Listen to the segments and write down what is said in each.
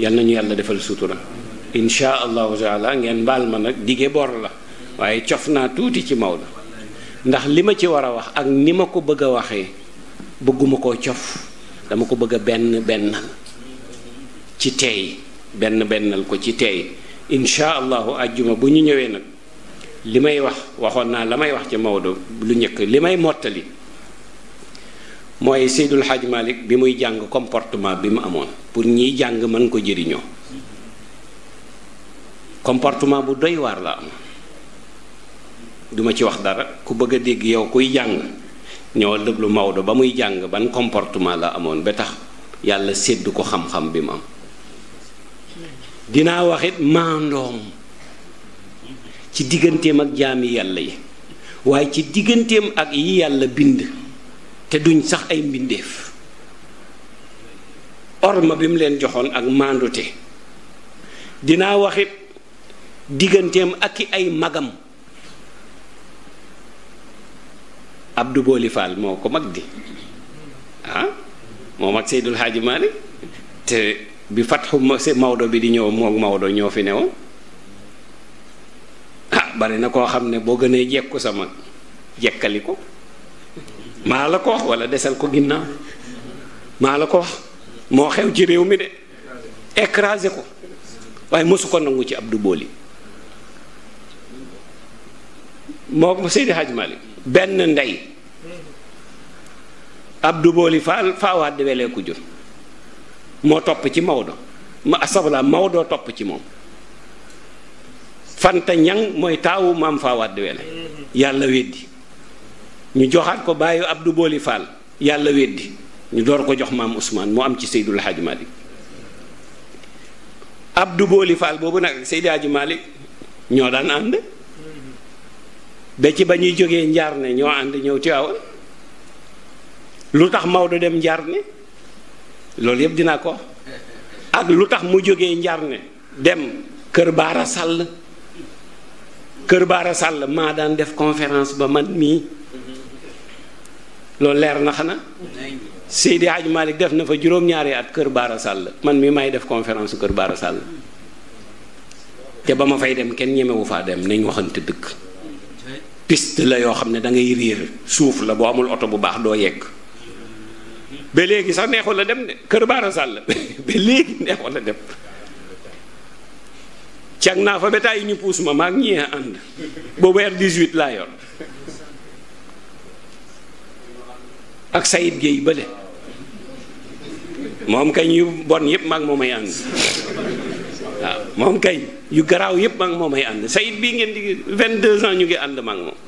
yal nañu yàlla defal sutura insha allahu taala ngeen mbaal ma nag dige bor la waaye cof naa tuuti ci Maodo ndax li ma ci war a wax ak ni ma ko bëgg a waxee bëgguma koo cof dama ko bëgg a benn bennal ci teey benn bennal ko ci teey insha allahu ajjuma bu ñu ñëwee nag li may wax waxoon naa la may wax ci Maodo lu njëkk li may mottali mooy Seydul Xaaj Malik bi muy jàng comportement bi mu amoon pour ñiy jàng mën ko jëriñoo comportement bu doy waar la am duma ci wax dara ku bëgg a dégg yow kuy jàng ñëwal déglu Maodo ba muy jàng ban comportement la amoon ba tax yàlla sédd ko xam-xam bi mu am dinaa waxit it maandoom ci digganteem ak jaami yàlla yi waaye ci digganteem ak yi yàlla bind te duñ sax ay mbindeef orma bi mu leen joxoon ak maandute dinaa waxit digganteem ak i ay magam Abdou Boli Fall moo ko mag di ah moo mag Seydul Haaji Maalik te bi fatxu Maodo bi di ñëw moom Maodo ñoo fi newoon ah bari na koo xam ne boo gënee jekku sama jekkali ko maa la ko wax wala desal ko ginnaaw maa la ko wax moo xew ci réew mi de écrasé ko waaye mosu ko nangu ci Abdou Boli moo ko Seydi Hadj Malick benn ndey Abdou yi faa faawaat di welee ko jur moo topp ci Maodo ma asabla Maodo topp ci moom Fanta ñaŋ mooy taawu maam faawaat di wele yàlla weddi ñu joxaat ko bàyyi Abdou Booli Fall yàlla weddi ñu door ko jox maam Ousmane mu am ci Seydul Hadj Malick Abdou Booli Fall boobu nag ak Seydi Hadj ñoo daan ànd da ci ba ñuy jógee njaar ne ñoo ànd ñëw Tiwaawan lu tax Maodo dem njaar ne loolu yëpp dinaa ko ak lu tax mu jógee njaar ne dem Kër Baara Sall Kër Baara Sall maa daan def conférence ba man mii loolu leer na xanaa Seydi Hadj Malick def na fa juróom-ñaari at Kër Baara Sall man mi may def conférence Kër Baara Sall te ba ma fay dem kenn ñemewu faa dem nañ waxante dëkk piste la yoo xam ne dangay ngay riir suuf la boo amul oto bu baax doo yegg ba léegi sax neexul la dem de Kër Baara Sall ba léegi neexul la dem cag naa fa bétaay yi ñu puus ma maag ñi ànd boobu R18 laa yoon ak Sayid Géey bële moom kañ yu bon yëpp maag moo may ànd waaw moom kañ yu garaaw yëpp maag moo ànd Sayid bii ngeen di 22 ans ñu ngi ànd maag moom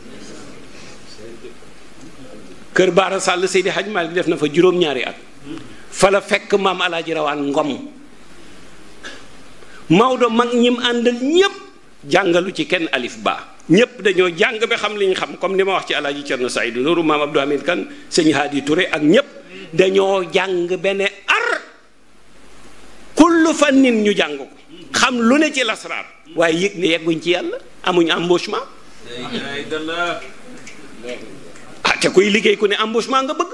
kër Baara Sall Seydi Hadj Malick def na fa juróom-ñaari at fala fekk maam Alaaji Rawaan Ngom Maodo mag ñim àndal ñépp jàngalu ci kenn alif baa ñëpp dañoo jàng ba xam li ñu xam comme ni ma wax ci alaaji Cerno Saydu Nuuru maam Abdou Hamid Kan sëñ Haadi Touré ak ñëpp dañoo jàng bene ar kullu fannin ñu jàng ko xam lu ne ci lasraar waaye yëg ne yegguñ ci yàlla amuñ embauchement ah te kuy liggéey ku ne embauchement nga bëgg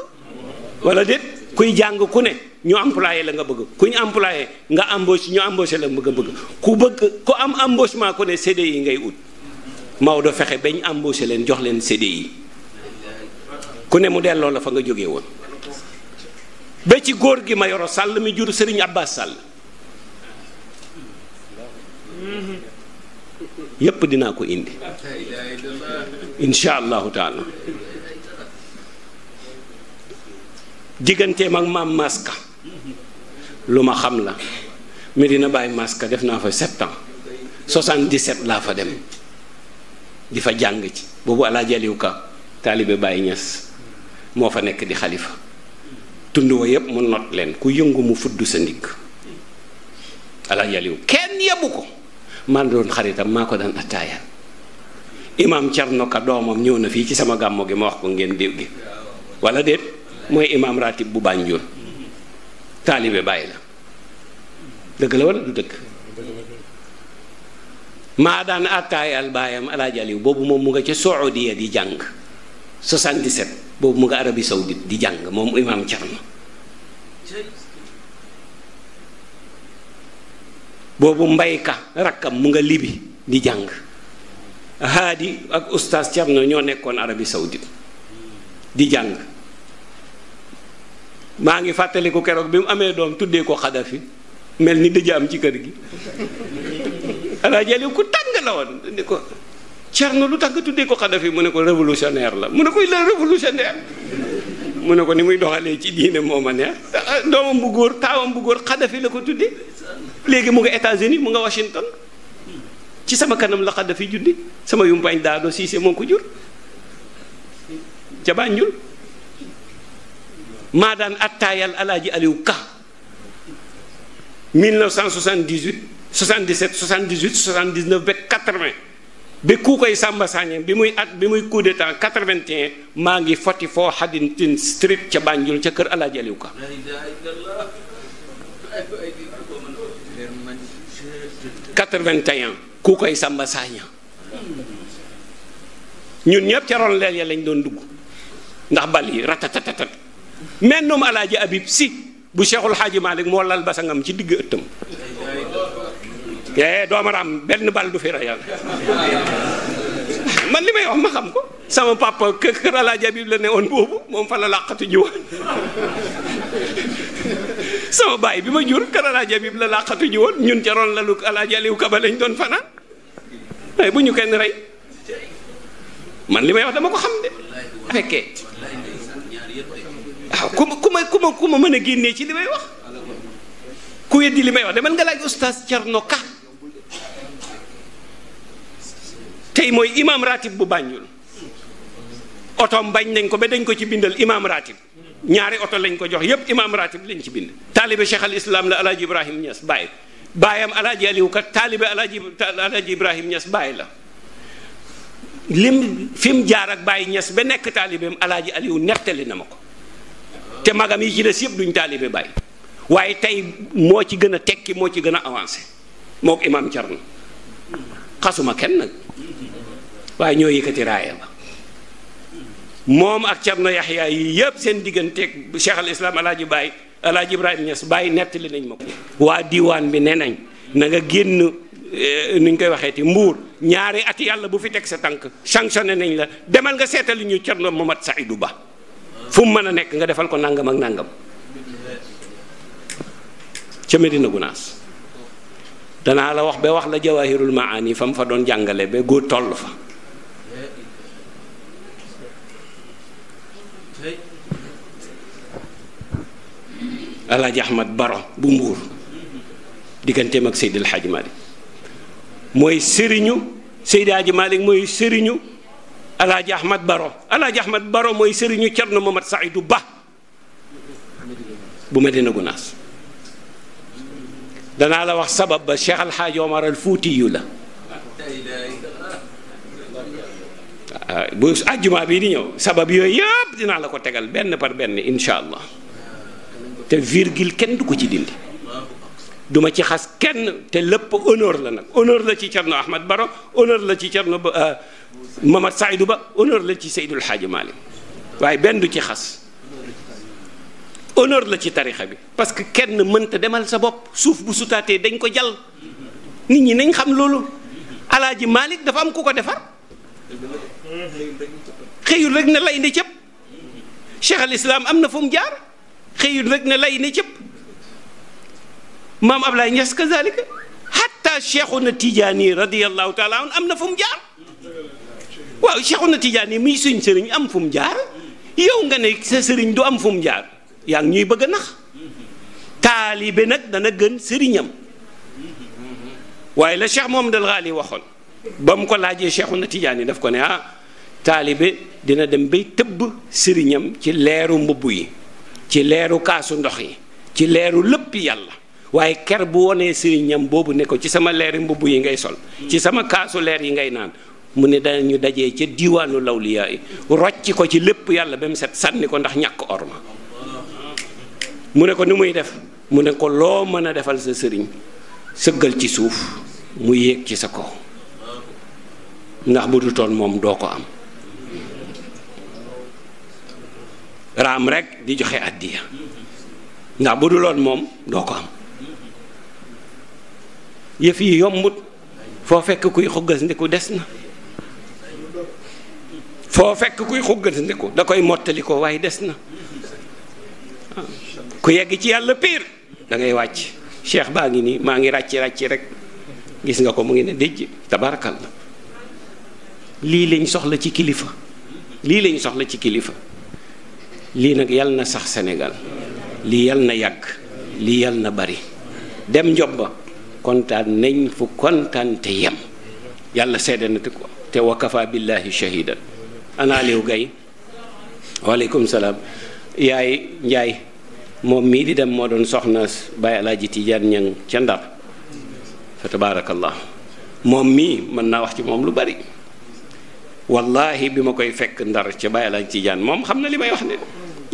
wala déet kuy jàng ku ne ñu employé la nga bëgg ku ñu employé nga embauché ñu embauché la nga bëgg ku bëgg ku am embauchement ku ne yi ngay ut Maodo fexe bañ embauché leen jox leen CDI ku ne mu delloo la fa nga jóge woon ba ci góor gi ma yoro sàll mi jur Serigne Abbas Sall yépp dinaa ko indi insha allahu taala digganteem ak maam maska lu ma xam la Medina Baye maska def naa fa sept ans 77 laa fa dem di fa jàng ci boobu alaaji Ka taalibe Baye Niass moo fa nekk di xalifa tund wa yépp mu not leen ku yëngu mu fudd sa ndigg alaaji Aliou kenn yebu ko maa doon xaritam maa ko daan attaaya imaam Cerno Ka doomam ñëw na fii ci sama gàmmo gi ma wax ko ngeen dégg wala déet bu Banjul taalibe Baye la dëgg du dëgg maa daan àttaayal baayam alaajaliw boobu moom mu nga ca Saoudia di jàng 77 boobu mu nga Arabie Saoudite di jàng moom imaam Cerno boobu mbayka rakkam mu nga Libi di jàng haadi ak oustaz Cerno ñoo nekkoon Arabie Saoudite di jàng maa ngi fàttaliku keroog bi mu amee doom tuddee ko Xadafi mel ni dëj am ci kër gi Alaaji Aliou ku tàng la woon ni ko Cerno lu tax nga tuddee ko Xadafi mu ne ko révolutionnaire la mu ne ko la révolutionnaire mu ne ko ni muy doxalee ci diine moo ma neex doomam bu góor taawam bu góor Xadafi la ko tuddee léegi mu nga États-Unis mu nga Washington ci sama kanam la Xadafi juddi sama yumpaañ daado Siise moo ko jur ca Banjul maa daan attaayal Alaaji Aliou Ka 1978 77 78 79 ba 80 ba ku koy Samba Sagné bi muy at bi muy coup d'état 81 maa ngi foti foo Haddington Street ca Banjul ca kër Alaaji Aliw Ka quatre vingt ku koy Samba Sagné ñun ñëpp ca ron leel ya lañ doon dugg ndax bal yi ratatatatat mennum Alaaji Abib Si bu Cheikhul Xaaji Malik moo lal basangam ci digg ëttam yee doomaraam benn bal du fi reyal man li may wax ma xam ko sama papa kër kër la ne woon boobu moom fa la làqatu ji woon sama baay bi ma jur kër Alaaji la làqatu ji woon ñun ca ron la lu Alaaji Kaba lañ doon fanaan waaye bu ñu kenn rey man li may wax dama ko xam de fekkee waaw ah, ku ma ku ma ku ma ku ma mën a génnee ci li may wax ku weddi li may wax demal nga laaj oustaz Thierno Ka tey mooy imaam ratib bu Banjul otoom bañ nañ ko ba dañ ko ci bindal imaam ratib ñaari oto lañ ko jox yépp imaam ratib lañ ci bind taalibe cheikh al islam la alaaji ibrahim Niass Baye baayam alaaji Aliou kat taalibe alaaji alaaji ibrahim Niass Baye la lim fi mu jaar ak Baye Niass ba nekk taalibeem alaaji Aliou nettali na ma ko te magam yi ci des yëpp duñ taalibe Baye waaye tey moo ci gën a tekki moo ci gën a avancé mook imaam Thierno xasuma kenn nag waaye ñoo yëkkati raaya ba moom ak Cerno Yaxya yi yëpp seen diggante Cheikh al Islam alaaji Baay alaaji Ibrahima Niass nettali nañ ma waa diwaan bi ne nañ na nga eh, nuñ koy waxeeti mbuur ñaari at yàlla bu fi teg sa tànk sanctionné nañ la demal nga seetali ñu Cerno Mamat Saidu Ba fu mu mën a nekk nga defal ko nangam ak nangam ca Medina Gunaas danaa la wax ba wax la jawahirul maani fa mu fa doon jàngale ba góor toll fa alaaji ahmad baro bu mbuur digganteem ak seydil haaji malik mooy sëriñu seydi haaji malik mooy sëriñu alaaji ahmad baro alaaji ahmad baro mooy sëriñu cerno mamad saidu ba bu Medina Gunaas danaa la wax sabab ba cheikh alxaaji omar al fuuti yu la ah, bu àjjuma bii di ñëw sabab yooyu yëpp dinaa la ko tegal benn par benn incha allah te virgule kenn du ko ci dindi duma ci xas kenn te lépp honneur la nag honneur la ci Cerno Ahmad Baro honneur la ci Cerno ba euh, Mamad Saydu Ba honneur la ci Seydul Xaaji Maalik waaye benn du ci xas honneur la ci tarixa bi parce que kenn mënta demal sa bopp suuf bu sutaatee dañ ko jàll nit ñi nañ xam loolu alaaji malik dafa am ku ko defar xëyul rek na lay ndi cëpp Cheikh al am na fu jaar xëyul rek ne lay ne cëpp maam Ablaye Niass kazalika hatta cheikhuna Tijaani radiyallahu taala an am na fu mu jaar waaw cheikhuna Tijaani muy suñ sëriñ am fu mu jaar yow nga ne sa sëriñ du am fu mu jaar yaa ngi ñuy bëgg a nax taalibe nag dana gën sëriñam waaye la cheikh moom dal Ghali waxoon ba mu ko laajee cheikhuna Tijaani daf ko ne ah taalibe dina dem bay tëbb sëriñam ci leeru mbubb yi. ci leeru kaasu ndox yi ci leeru lépp yàlla waaye ker bu wonee sëriñam boobu ne ko ci sama leeri mbubb yi ngay sol ci sama kaasu leer yi ngay naan mu ne danañu dajee ca diiwaanu lawliyaa yi rocc ko ci lépp yàlla ba mu set sànni ko ndax ñàkk orma mu ne ko ni muy def mu ne ko loo mën a defal sa sëriñ sëggal ci suuf mu yéeg ci sa kaw ndax bu du toon moom doo ko am raam rekk di joxe àddiya ndax bu du loon moom doo ko am yëf yi yombut foo fekk kuy xuggas des na foo fekk kuy xuggas ndiku da koy mottali ko waaye des na ku yegg ci yàlla piir dangay wàcc cheikh baa ngi nii maa ngi ràcci ràcci rek gis nga ko mu ngi ne déjj tabarakal la lii lañ soxla ci kilifa lii lañ soxla ci kilifa lii nag yal na sax Sénégal lii yal na yàq lii yal na bari dem njob ba kontaan nañ fu kontaan te yem yàlla seede na te ko te wakafa billahi shahidan ana Aliou Gaye waaleykum salaam yaay njaay moom mii di dem moo doon soxna Baye Alaaji Tijaan ñang ca Ndar fa tabaarakallah moom mii mën naa wax ci moom lu bari wallahi bi ma koy fekk ndar ca bàyyi lañ ci jaan moom xam na li may wax ne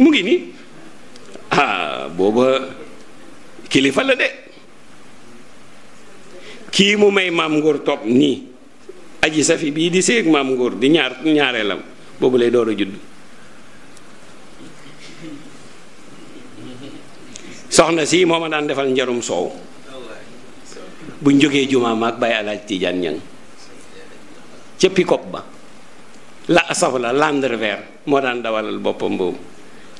mu ngi nii ah booba kilifa la de kii mu may maam ngóor topp nii aji safi bii di séeg maam ngóor di ñaar ñaareelam boobu lay door a judd soxna sii moo ma daan defal njarum soow bu jógee jumaa maag bàyyi alaaj Tijaan ñang ca pikop ba la safu la moo daan dawalal boppam boobu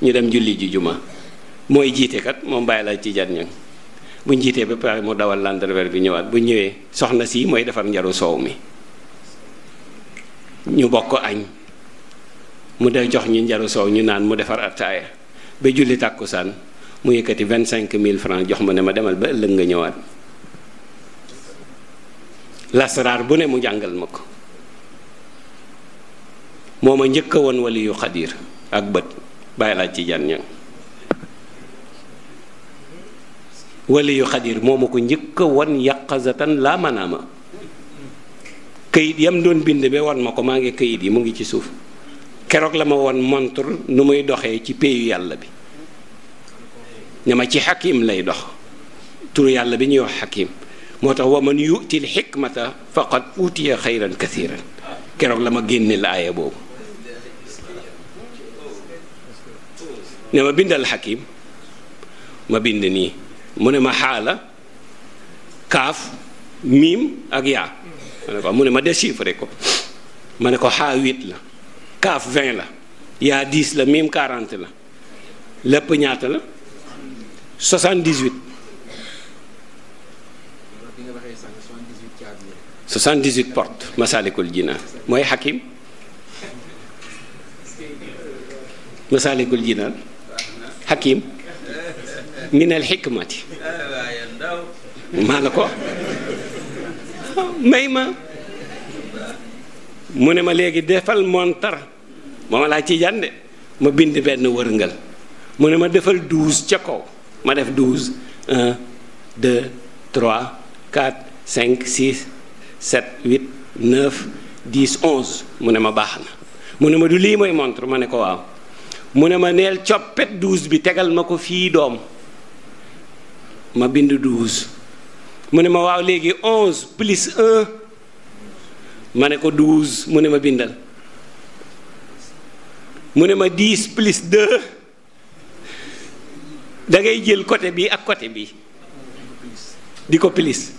ñu dem julli ji juma mooy jiite kat moom bàyyi la ci jar ña buñ jiitee ba pare mu dawal lendre bi ñëwaat bu ñëwee soxna si mooy defar njaru soow mi ñu bokk añ mu de jox ñu njaru soow ñu naan mu defar attaaya ba julli tàkkusaan mu yëkkati vingt cinq mille francs jox ma ne ma demal ba ëllëg nga ñëwaat lasaraar bu ne mu jàngal ma ko moo ma njëkk won woon waliyu xadir ak bët bàyyi laa ci jan ñan xadir moo ma ko njëkk a won yaqazatan laa manaama kayit yam doon bind ba won ma ko maa ngi kayit yi mu ngi ci suuf keroog la ma won montre nu muy doxee ci péeyu yàlla bi ñama ma ci xakim lay dox turu yàlla bi ñuy wax xakim moo tax wa man yu'til xikmata faqad utiya xayran kathiran keroog la ma génneel aaya boobu ne ma bindal xakim ma bind nii mu ne ma xaala kaaf miim ak yaa mu ne ma des déchiffré ko ma ne ko xaa huit la kaaf vingt la yaa dix la miim quarante la lépp ñaata la soixante-dix-huit soixante porte Masalikul Jinaan mooy xakim Masalikul Jinaan xakim minal xikmati maa la ko may ma mu ne ma léegi defal montar mooma laa ci jande ma bind benn wërngal mu ne ma defal douze ca kaw ma def douze un deux trois quatre cinq six sept huit neuf dix onze mu ne ma baax na mu ne ma du lii mooy montre ma ne ko waaw mu ne ma neel coppet douze bi tegal ma ko fii doom ma bind douze mu ne ma waaw léegi onze plus un ma ne ko douze mu ne ma bindal mu ne ma dix plus deux da ngay jël côté bi ak côté bi di ko plus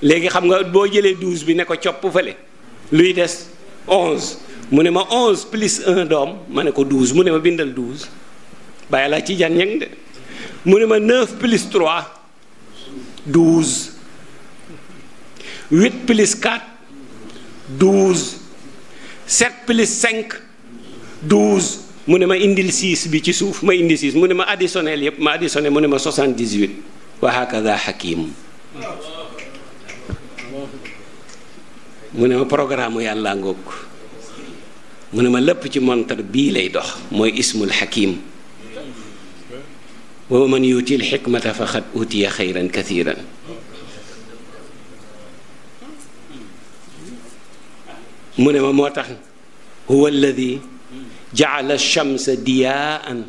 léegi xam nga boo jëlee douze bi ne ko copp fële luy des onze mu ne ma 11 plus 1 doom ma ne ko 12 mu ne ma bindal 12 bàyyi laa ci jan de mu ne ma 9 plus 3 12 8 plus 4 12 7 plus 5 12 mu ne ma indil 6 bi ci suuf ma indi 6 mu ne ma additionnel yëpp ma additionné mu ne ma 78 wa hakada hakim mu ne ma programme yàlla ngoog mu ne ma lépp ci montar bii lay dox mooy ismul xakim wa man yuutil xikmata faqad utiya xayran kathiran mu ne ma moo tax huwa alladi jacala alchamsa diyaan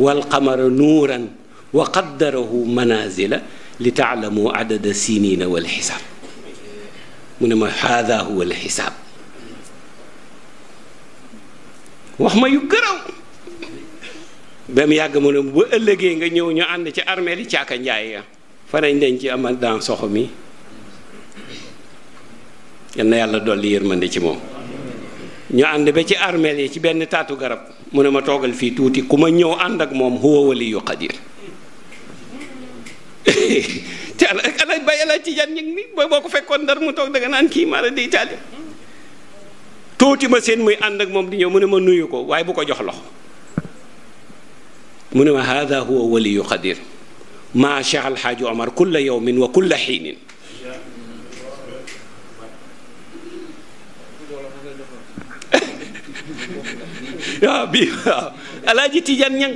walqamara nuuran wa qaddarahu manazila li taalamu adada sinina walxisaab mu ne ma haada huwa alxisaab wax ma yu gërëw ba mu yàgg mu ne bu ëllëgee nga ñëw ñu ànd ci armée yi caaka njaay ya fanañ dañ ci amal daan soxo mi yal na yàlla dolli yërmande ci moom ñu ànd ba ci armeel yi ci benn taatu garab mu ne ma toogal fii tuuti ku ma ñëw ànd ak moom huwa waliyu qadir te ala ala bay ala ci jan ñi boo ko fekkoon ndar mu toog danga naan kii maa la di Italie tuuti ma seen muy ànd moom di ñëw mu ma nuyu ko waaye bu ko jox loxo mu ne ma hada huwa waliyu qadir maa cheikh alxaaji omar kulla yawmin wa kulla xiinin waaw bii ñang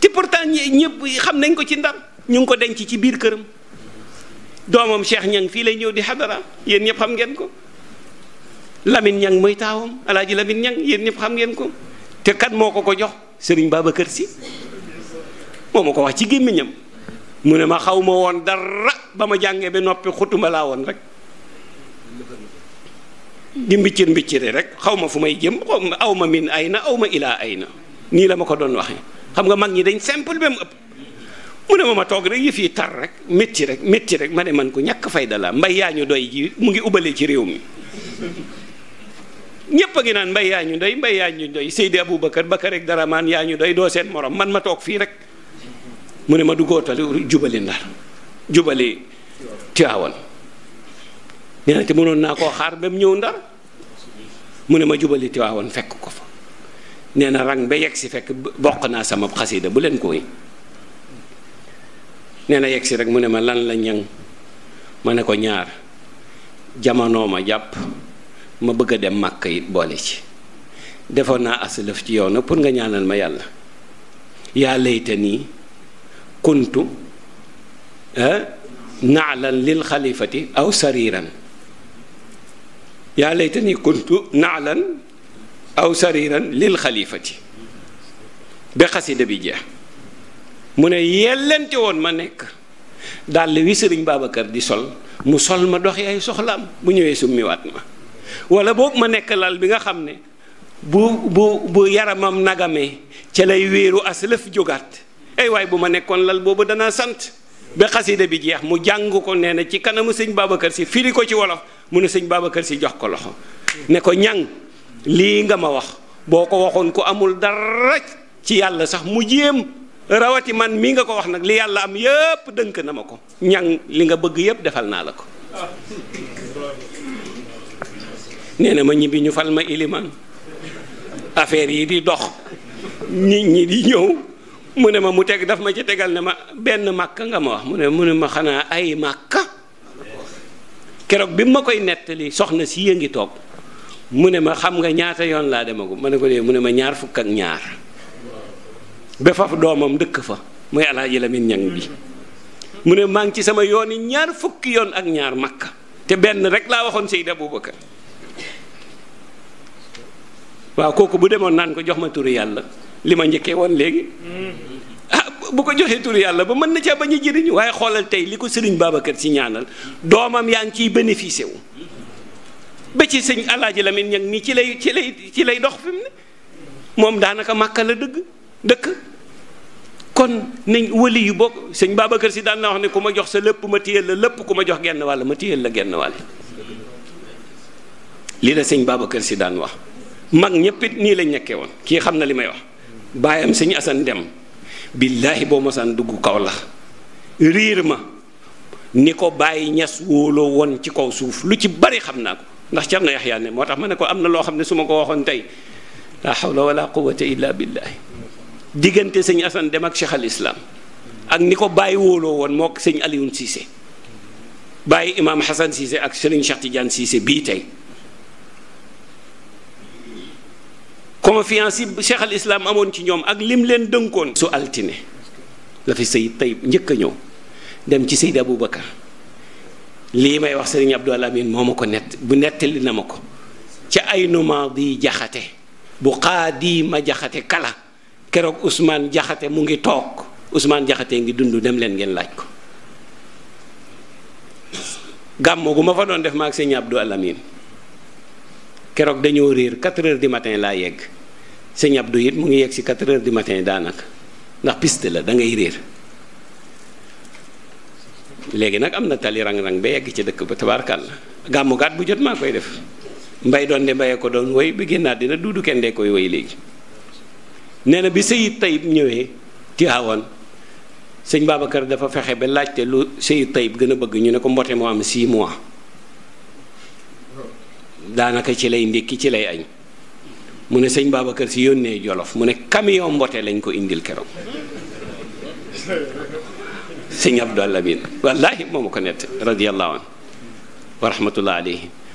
te pourtant ñëpp xam nañ ko ci ndar ñu ngi ko denc ci biir këram doomam cheikh ñang fii lay ñëw di xadara yéen ñëpp xam ngeen ko Lamine ñan mooy taawam alaaji Lamine Niang yéen ñëpp xam ngeen ko te kat moo ko ko jox Serigne Babacar Sy moo ma ko wax ci gémmiñam mu ne ma xaw ma woon dara ba ma jàngee ba noppi xutuma laa woon rek di mbiccir mbicciri rek xaw ma fu may jëm xaw ma aw ma min ay na aw ma ilaa ay na nii la ma ko doon waxee xam nga mag ñi dañ simple ba mu ëpp mu ne ma ma toog rek yëf yi tar rek metti rek métti rek ma ne man ko ñàkk fayda la mbay yaa ñu doy ji mu ngi ubale ci réew mi ñépp a ngi naan mbay yaa ñu doy mbay yaa ñu doy Seydi Aboubacar Bakar ak Daraman yaa ñu doy doo seen morom man ma toog fii rek mu ne ma du góotali jubali ndar jubali Tiwaawan nee na mënoon naa koo xaar ba ñëw ndar mu ne ma jubali Tiwaawan fekk ko fa nee na rang ba yegg si fekk boq naa sama xasida bu leen ko wéy nee na yegg si rek mu ne ma lan la ñang ma ne ko ñaar jamono ma jàpp. ma bëgg a dem màkk it boole ci defoon naa asalëf ci yow na pour nga ñaanal ma yàlla yaa layta nii kuntu eh, naalan lil xalifati aw sariiran yaa layta nii kuntu naalan aw sariiran lil xalifati ba xasida jeex mu ne yellente woon ma nekk dàll wi sëriñ Babacar di sol mu sol ma dox yaay soxlaam bu ñëwee summiwaat ma wala boo ma nekk lal bi nga xam ne bu bu bu yaramam nagamee ca lay wéeru aslëf jógaat ay waay bu ma nekkoon lal boobu dana sant ba xasida bi jeex mu jàng ko nee na ci kanamu sëñ Babacar si firi ko ci wolof mu ne sëñ Babacar si jox ko loxo ne ko ñang lii nga ma wax boo ko waxoon ku amul dara ci yàlla sax mu jéem rawati man mii nga ko wax nag li yàlla am yépp dënk na ma ko ñang li nga bëgg yépp defal naa la ko nee na ma ñibbi ñu fal ma iliman affaire yi di dox nit ñi di ñëw mu ne ma mu teg daf ma ci tegal ne ma benn màkka nga ma wax mu ne mu ma xanaa ay màkka keroog bi ma koy nettali soxna si yë ngi toog mu ne ma xam nga ñaata yoon laa demagu ma ne ko dee mu ne ma ñaar fukk ak ñaar ba faf doomam dëkk fa muy alaaji Lamin ñang bi ne maa ngi ci sama yoon ñaar fukki yoon ak ñaar màkka te benn rek laa waxoon Seyd Aboubacar waaw kooku bu demoon naan ko jox ma turu yàlla li ma njëkkee woon léegi mm-hmm. ah bu ko joxee turu yàlla ba mën na caa bañ a jëriñu waaye xoolal tey li ko sëriñ Babacar si ñaanal doomam yaa ngi ciy bénéficié wu ba ci sëñ Alaaji Lamin ñag nii ci lay ci lay ci lay dox fi ne moom daanaka màkka la dëgg dëkk kon nañ wali yu bokk sëñ Babacar si daan na wax ne ku ma jox sa lépp ma téyel la lépp ku ma jox genn wàll ma téyel la genn wàll lii la sëñ Babacar si daan wax mag ñëpp nii lañ nekkee woon kii xam na li may wax bàyyam sëñ Asan dem billaahi boo mosaan dugg kaw la riir ma ni ko bàyyi ñas wóoloo woon ci kaw suuf lu ci bari xam naa ko ndax ci na yaxyaa ne moo tax ma ne ko am na loo xam ne su ma ko waxoon tey la hawla wala quwwata illa billaahi diggante sëñ Asan dem ak Cheikh al Islam ak ni ko bàyyi woon moo sëñ Alioune Cissé bàyyi imaam Hassan Cissé ak sëriñ Cheikh Tidiane Cissé bii tey confiance yi cheikh al islam amoon ci ñoom ak lim leen dënkoon su altine la fi sayid tayib njëkk a ñëw dem ci sayid aboubacar lii may wax sëriñ abdou alamin moo ma ko nett bu nettali na ma ko ci ay numaadi jaxate bu xaadi ma jaxate kala keroog ousmane jaxate mu ngi toog ousmane jaxate ngi dund dem leen ngeen laaj ko gàmmoo gu ma fa doon def ma ak sëriñ abdou alamin keroog dañoo réer 4 heures du matin laa yegg sëñ Abdou it mu ngi yegg si 4 heures di matin daanaka ndax piste la da ngay réer léegi nag am na tali rang-rang ba yegg ci dëkk ba tabaarkàlla gàmmu gaat bu jot maa koy def mbay doon de mbayee ko doon woy bi génnaat dina duudu kenn dee koy woy léegi nee na bi Seyid Tayib ñëwee Tiwaawan sëñ Babacar dafa fexe ba laajte lu Seyid Tayib gën a bëgg ñu ne ko mbote moo am 6 mois daanaka ci lay ndékki ci lay añ mu ne sëñ Babacar si yónnee Jolof mu ne camion mbote lañ ko indil keroog sëñ Abdou Lamine wallaahi moo ma ko nett radiyallahu anhu wa rahmatullah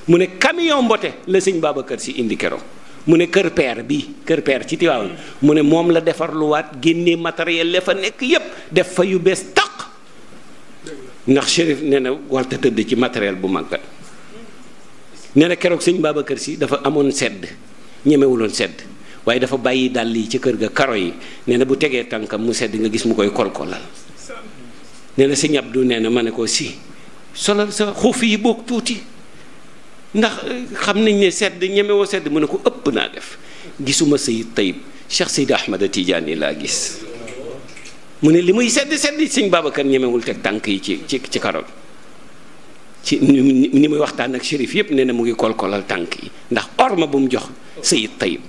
mu ne camion mbote la sëñ Babacar si indi keroog mu ne kër peer bi kër peer ci Tiwaawan mu ne moom la defar defarluwaat génnee matériel la fa nekk yépp def fa yu bees taq ndax Chérif nee na war ta tëdd ci matériel bu màggat nee na keroog sëñ Babacar si dafa amoon sedd ñemewuloon sedd waaye dafa bàyyi dàll yi ci kër ga karo yi nee na bu tegee tànkam mu sedd nga gis mu koy kolkolal nee na si Abdou nee na ma ne ko si solal sa xuuf yi boog tuuti ndax eh, xam nañ ne sedd ñemewoo sedd mu ne ko ëpp naa def gisuma Seyid Tayib Cheikh Seydi Ahmad yi laa gis mu ne li muy sedd sedd sëñ Babacar ñemewul teg tànk yi ci ci ci karo ci ni muy waxtaan ak shérif yëpp ne na mu ngi kolkolal tànk yi ndax orma bu mu jox Sayid Tayib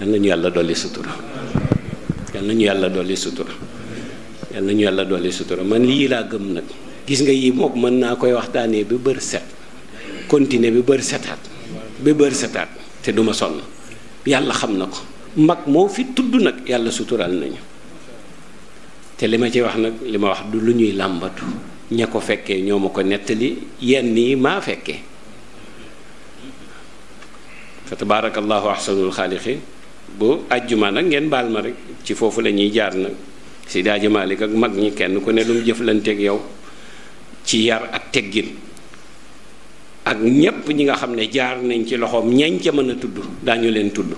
yal na yàlla dolli sutura yal na ñu yàlla dolli sutura yal na ñu yàlla dolli sutura man lii laa gëm nag gis nga yii mook mën naa koy waxtaanee bi bër set continuer bi bër setaat bi bër setaat te duma sonn yàlla xam na ko mag moo fi tudd nag yàlla sutural nañu te li ma ci wax nag li ma wax du lu ñuy làmbatu ña ko fekkee ñoo ma ko nettali yenn yi maa fekkee fa tabaarakallaahu ahsanul xaaliqi bu àjjuma nag ngeen baal ma rek ci foofu la ñuy jaar nag si daaji Maalik ak mag ñi kenn ku ne lu jëflanteek yow ci yar ak teggin ak ñépp ñi nga xam ne jaar nañ ci loxoom ñañ ca mën a tudd daañu leen tudd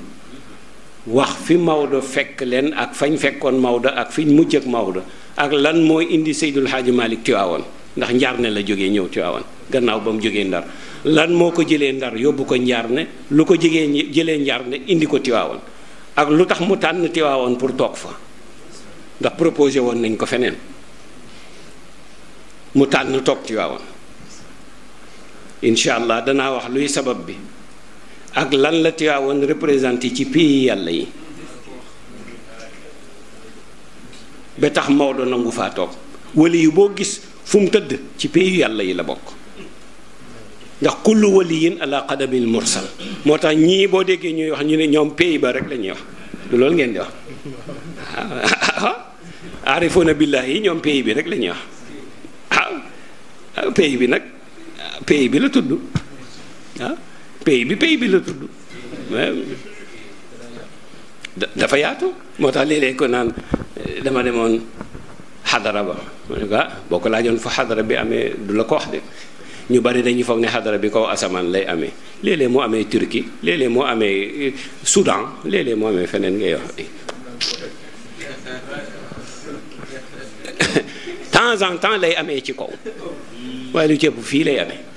wax fi Maodo fekk leen ak fañ fekkoon Maodo ak fi mujj ak Maodo ak lan mooy indi Seydul Xaaji Malick Tiwaawan ndax Njaarne la jógee ñëw Tiwaawan gannaaw ba mu jógee Ndar lan moo ko jëlee Ndar yóbbu ko njaar Njaarne lu ko jigee jëlee njaar ne indi ko Tiwaawan ak lu tax mu tànn tiwaawoon pour toog fa ndax proposé woon nañ ko feneen mu tànn toog Tiwaawan incha allah danaa wax luy sabab bi ak lan la Tiwaawoon représenté ci pays yàlla yi ba tax Maodo nangu faa toog wali yu boo gis fu mu tëdd ci pays yàlla yi la bokk ndax kullu waliyin ala qadabil mursal moo tax ñii boo déggee ñuy wax ñu ne ñoom pays ba rek la ñuy wax du loolu ngeen di wax ah, ah, aarifoona billahi yi ñoom pays bi rek lañuy wax ah, ah pays bi nag pays bi la tudd pays bi pays bi la tudd dafa yaatu moo tax léeg-léeg ko naan eh, dama demoon xadara ba ma ne ko ah boo ko laajoon fa xadara bi amee du la ko wax de ñu bari dañuy foog ne xadara bi kow asamaan lay amee léeg-léeg moo amee Turquie léeg-léeg moo amee eh, Soudan léeg-léeg moo amee feneen ngay wax temps en temps lay amee ci kaw waaye lu cëpp fii lay amee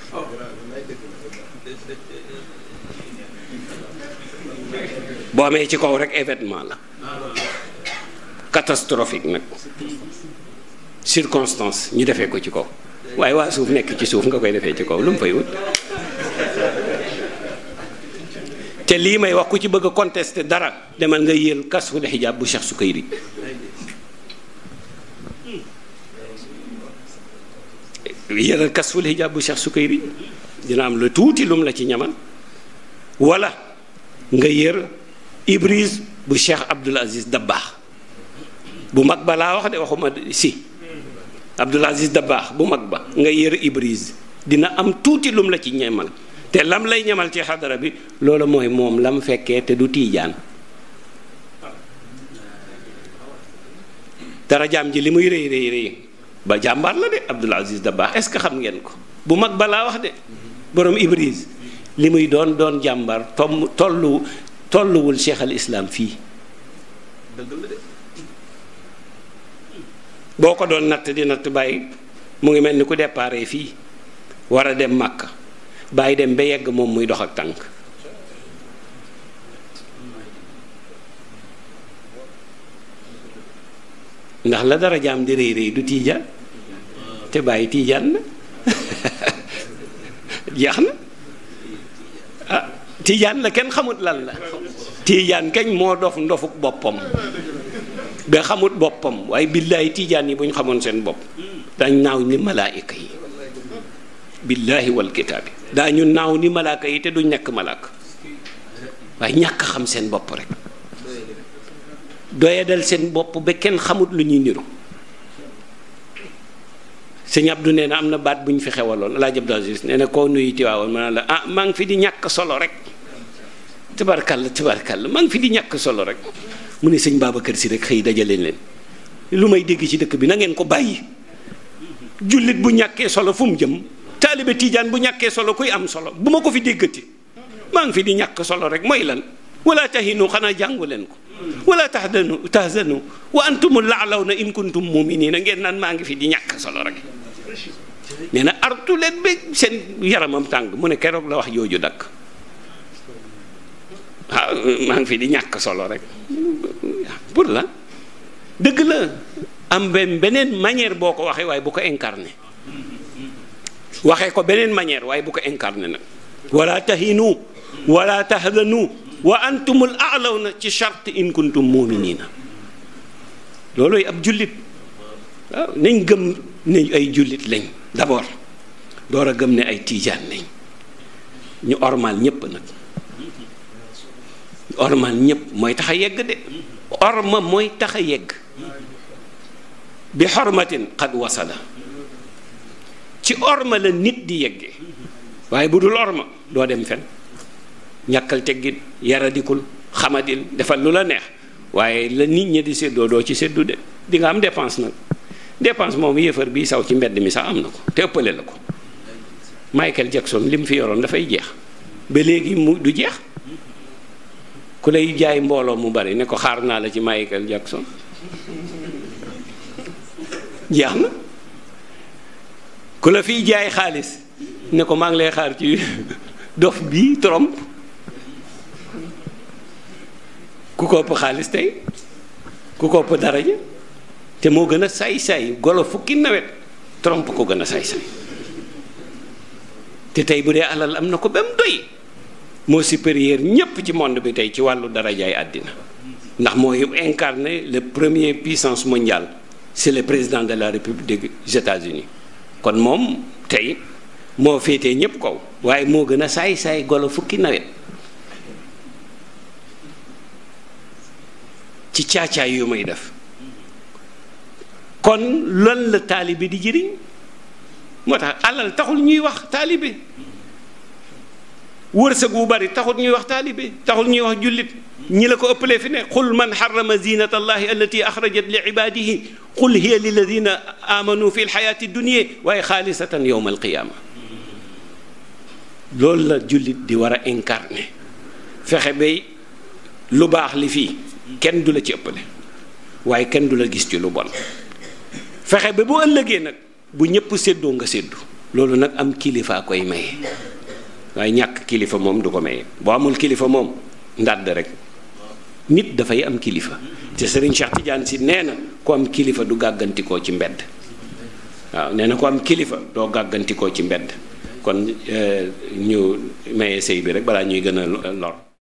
boo ci kaw rek événement la catastrophique nag circonstance ñu defee ko ci kaw waaye waa suuf nekk ci suuf nga koy defee ci kaw lu mu fay wut te lii may wax ku ci bëgg a contester dara demal nga yéel kasful xijaab bu Cheikh Sukayri yéelal kasful xijaab bu Cheikh Sukayri dina am lu tuuti lum la ci ñaman wala nga yër Ibris bu Cheikh Abdoul Aziz Dabbaax bu mag ba laa wax de waxuma si Abdoul Aziz Dabbaax bu mag ba nga yër Ibris dina am tuuti lum la ci ñemal te lam lay ñemal ci xadara bi loolu mooy moom lam fekkee te du tiijaan dara jaam ji li muy rëy rëy ba jàmbaar la de Abdoul Aziz Dabbaax est-ce que xam ngeen ko bu mag ba laa wax de borom Ibris li muy doon doon jàmbar tom tollu tolluwul cheikh al fii boo ko doon natt di natt bàyyi mu ngi mel ni ku déparé fii war a dem màkk bàyyi dem ba yegg moom muy dox ak tànk ndax la dara jaam di rëy rëy du tiijaan te bàyyi tiijaan na jeex na tiijaan la kenn xamut lan la tiijaan kañ moo dof ndofuk boppam ba xamut boppam waaye billaahi tiijaan yi bu ñu xamoon seen bopp dañ naaw ni malaayika yi billaahi wal kitaabi naaw ni malaaka yi te du nekk malaaka waaye ñàkk xam seen bopp rek doyadal seen bopp ba kenn xamut lu ñuy niru sëñ Abdou nee na am na baat bu ñu fi xewaloon El Hadj Abdou Aziz nee koo nuyu Tiwaawoon ma ne la ah fi di ñàkk solo rek tubarkalla tubarkalla maa ngi fi di ñàkk solo rek mu ne sëñ kër si rek xëy dajaleen leen lu may dégg ci dëkk bi nangeen ko bàyyi jullit bu ñàkkee solo fu mu jëm taalibe tiijaan bu ñàkkee solo kuy am solo bu ma ko fi déggati maa ngi fi di ñàkk solo rek mooy lan wala tahinu xanaa jàngu leen ko wala tahdanu tahzanu wa antumul laalawna in kuntum a ngeen naan maa ngi fi di ñàkk solo rek nee na artu leen ba seen yaramam tàng mu ne keroog la wax dakk ah maa ngi fi di ñàkk solo rek pour la dëgg la am beneen manière boo ko waxee waaye bu ko incarné waxee ko beneen manière waaye bu ko incarné nag wala tahinu wala tahzanu wa antumul na ci charte in kuntum muminina looluy ab jullit waaw ah, nañ gëm ne ay jullit lañ d'abord door a gëm ne ay tiijaan lañ ñu ormal ñépp nag ormal ñëpp mooy tax a yegg de orma mooy tax a yegg bi xormatin xad wasala ci orma la nit di yeggee waaye bu dul orma doo dem fen ñàkkal teggin yaradikul xamadil defal lu la neex waaye la nit ñi di séddoo doo ci séddu de di nga am dépense nag dépense moom yéefar bii saw ci mbedd mi sax am na ko te ëppale la ko Michael Jackson li mu fi yoroon dafay jeex ba léegi mu du jeex ku lay jaay mbooloo mu bari ne ko xaar naa la ci Michael Jackson jeex na ku la fiy jaay xaalis ne ko maa ngi lay xaar ci dof bi Trump ku ko ëpp xaalis tey ku ko ëpp daraja te moo gën a saay-saay golo fukki nawet Trump ko gën a saay-saay te tey bu dee alal am na ko ba mu doy moo supérieur ñépp ci monde bi tey ci wàllu darajaay àddina ndax mooy incarné le premier puissance mondiale c'est le président de la république des États-Unis kon moom tey moo féetee ñépp kaw waaye moo gën a saay saay golo fukki nawet ci caacaay yu muy def kon loolu la taalibe di jëriñ moo tax alal taxul ñuy wax taalibe wërsëg wu bari taxul ñuy wax taalibe taxul ñuy wax jullit ñi la ko ëppalee fi ne qul man xarama zinata allahi allati axrajat li ibadihi qul hiya liladina amanu fi lxayaati dunia waaye xaalisatan yowma alqiyaama loolu la jullit di war a incarné fexe bay lu baax li fii kenn du la ci ëppale waaye kenn du la gis ci lu bon fexe ba bu ëllëgee nag bu ñëpp séddoo nga séddu loolu nag am kilifaa koy maye waaye ñàkk kilifa moom du ko maye boo amul kilifa moom ndàdd rek nit dafay am kilifa te Serigne Cheikh Tidiane si nee na ku am kilifa du gàggantikoo ci mbedd waaw nee na ku am kilifa doo gàggantikoo ci mbedd kon euh, ñu maye sëy bi rek balaa ñuy gën a lor